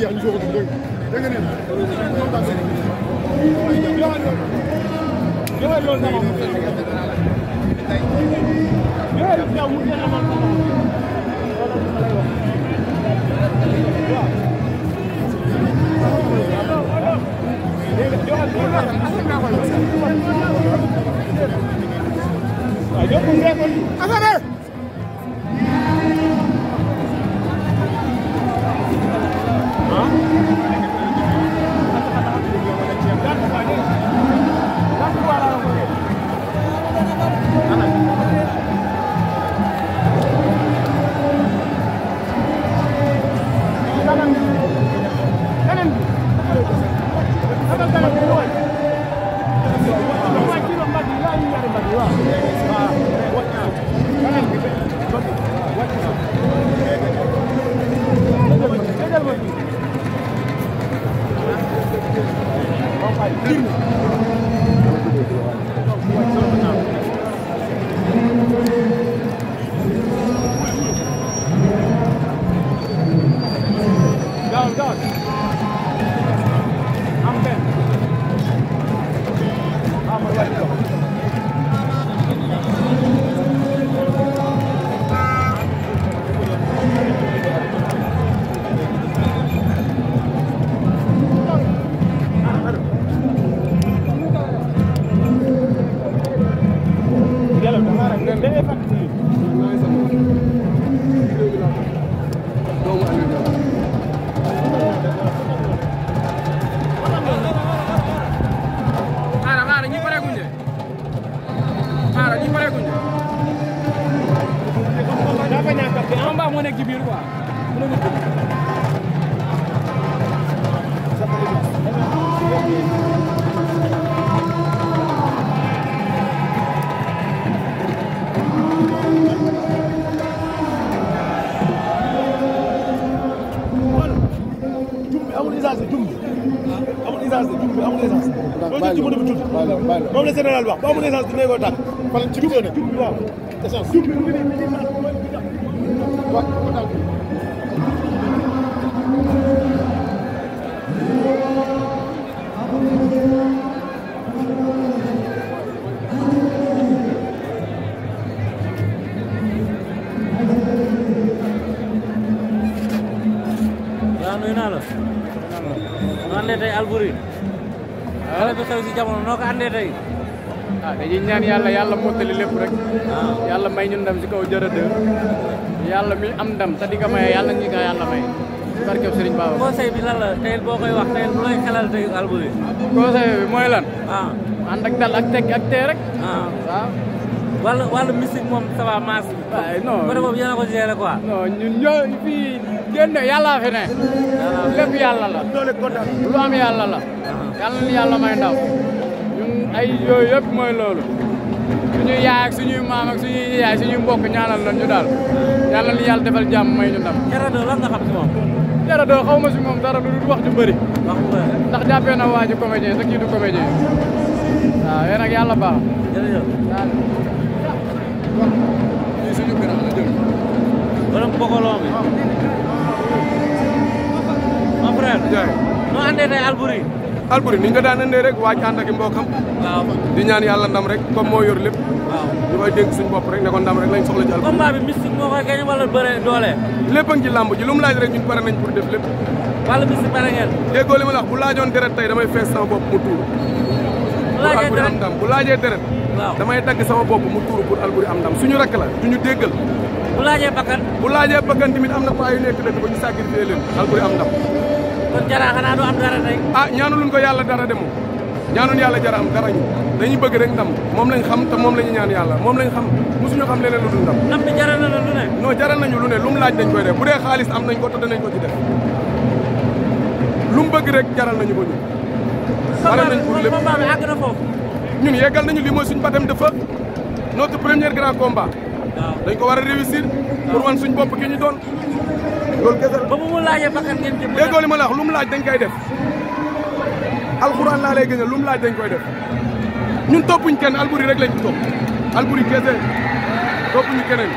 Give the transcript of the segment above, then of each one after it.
얘기 안 좋아하던데 내년에 Agora! Yellow, the man, the effect. moom la général wax bu amul essence du nekkoon tàkk. fan ci dugub la dugub waaw essence. waaw nuyu naa la. wala bi xew si jamono noo kan ko àndee tey ah dañuy ñaan yàlla yàlla ya mottali lépp rek ah. yàlla ya may ñu ndam si kaw jërëdë yàlla ya mi am ndam te di ko maye yàlla ñi ko yàlla may si barke Serigne Baba conseil bi lan la tey boo wax tey looy xelal tey albu bi conseil bi mooy lan ah ànd ak dal ak teg ak tee rek waaw wala wala musique moom ça va masse non bëri moom yéen ko géré quoi non ñun ñoo fii génn yàlla fi ne lépp yàlla la lu am yàlla la yàlla na yàlla may ndaw ñun ay yooyu yëpp mooy loolu suñuy yaay ak suñuy maam ak suñuy yaay suñuy mbokk ñaanal lan ñu daal yàlla na defal jàmm may ñu ndam Jaradoo lan nga xam ci moom Jaradoo xaw ma si moom dara lu wax ju bëri ndax jàppee na waa comédien te kii du comédien waaw yéen ak yàlla baax jërëjëf suñu jël borom mi mon ni nga daan andee rek waaj andak mbokam waaw di ñaan yalla ndam rek comme mo yor lepp waaw ñu koy suñu bop rek ne ko ndam rek lañ soxla ci Albouri. combat bi mystique mo koy gañe wala beure doole. lépp ngi ci làmb ji lum laaj rek ñun paré nañ pour def lepp wala mystique paré ngeen. déggoo li ma wax bu laajon deret tay damay fess sama bop mu tour bu laajee deret bu laajé deret. waaw damay dagg sama bop mu tour pour Albouri am ndam suñu rakk la suñu déggal bu laajee bakkan bu laajee bakkan tamit am na paa yu nekk dëkk ba ñu sacrifié leen am ndam kon Jara xanaa du am dara tey ah ñaanuluñ ko yàlla dara demo ñaanul yàlla Jara am dara ñu dañuy bëgg rek ndam moom lañ xam te moom la ñu ñaan yàlla moom lañ xam mosuñu xam leneen lu dul ndam ndam bi jaral na lu ne non jaral nañu lu ne lu mu laaj dañ koy def bu dee xaalis am nañ ko de danañ ko ci def lu mu bëgg rek jaral nañu ko ñu pare nañ pour lépp combat bi àgg na foofu ñun yeggal nañu li mooy suñu batem dafa notre dañ ko war a réussir pour suñ bopp ki ñu doon loolu kese la. ba mu mu laajee bakkan ngeen jëm. déggoo li ma la wax lu mu laaj dañ koy def alxuraan laa lay lu mu laaj dañ koy def ñun toppuñ kenn Alboury rek lañ ci topp Alboury kese toppuñu keneen.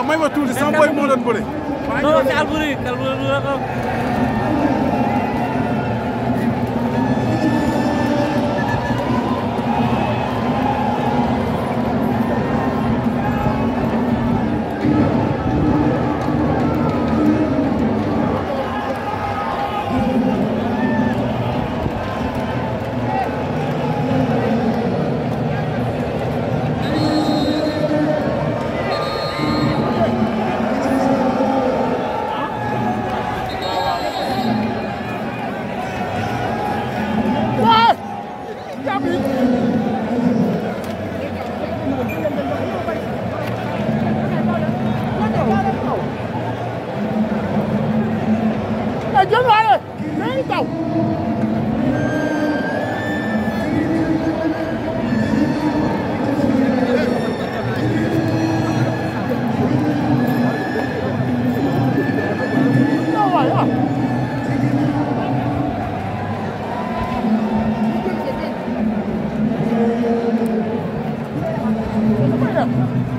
waaw may ma tuuti sama boy moo doon bëre. non non Alboury Alboury Thank you.